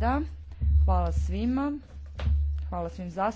Da, hvala svima, hvala svim zastupnicima.